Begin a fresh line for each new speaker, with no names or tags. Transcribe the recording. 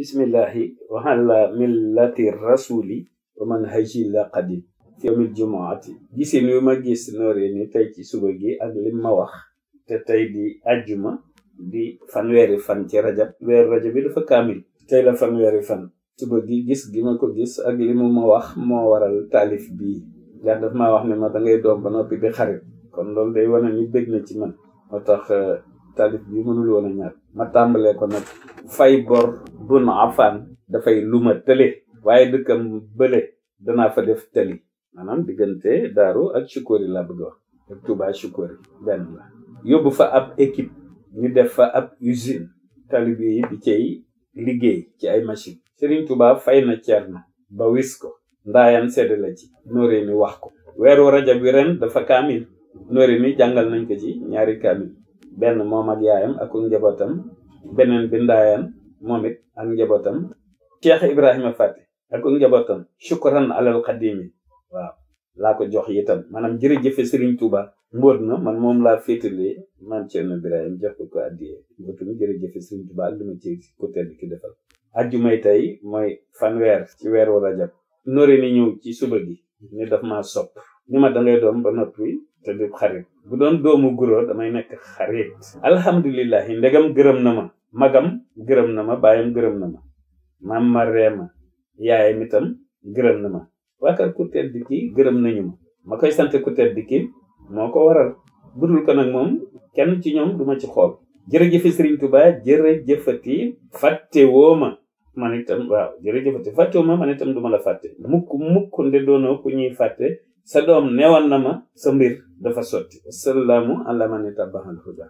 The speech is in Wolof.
bismillahi wa hala millati rasuli wa la qadim fi yawmil jumu'ati gisin ni ma gis noore ni tay ci suba gi ak lim ma wax te tay di aljuma di fanweeri fan ci rajab weer rajab bi dafa kamil tay la fanweeri fan suba gi gis gi ma ko gis ak li ma wax mo waral talif bi ndax daf ma wax ne ma da ngay doom ba nopi bi xarit kon lol day wone ni na ci man motax tax bi mënul wona ñaar ma tàmbalee ko nak fay bor bun afaan dafay luma tële waaye dëkkam bële danaa fa def tëli maanaam diggante daaru ak Shukori laa bëgg wax ak Shukori benn la yóbbu fa ab équipe ñu def fa ab usine talibe yi di liggéey ci ay machine Serigne tubaa fay na Cerno ba wis ko ndaayaan sedd la ci nooree ni wax ko weeru rajab wi ren dafa kaamil nooree ni jàngal nañ ko ci ñaari kaamil benn moom ak yaayam ak njabootam beneen bi ndaayaan moom it ak njabootam Cheikh Ibrahima Fati ak njabootam shukran alal xadimi waaw laa ko jox itam maanaam jërëjëfe Serigne Touba mbóot na man moom laa féetalee maam Thierno Birahim jox ko ko addiyee mbóotum jërëjëfe Serigne Touba ak li ma ci ko tedd ki defal ajjumay tey mooy fanweer ci weer wala jàpp nooré ni ñëw ci suba gi ni daf maa sopp ni ma dangay doom ba noppi te di xarit bu doon doomu guró damay nekk xarit alhamdulilahi ndegam gërëm na ma magam gërëm na ma baayam gërëm na ma maam ma ree ma yaayam itam gërëm na ma waa kër ku tedd gërëm nañu ma ma koy sant ku tedd ki moo ko waral budul ko nag moom kenn ci ñoom duma ci xool jërëjëfe Sëriñ Tuba jërëjëfati fàtte woo ma man itam waaw jërëjëfati fàtte woo ma man itam duma la fàtte mukk mukk nde doonoo ku ñuy fàtte sa doom newoon na ma sa mbir dafa sotti assalaamu ala man itabahal huda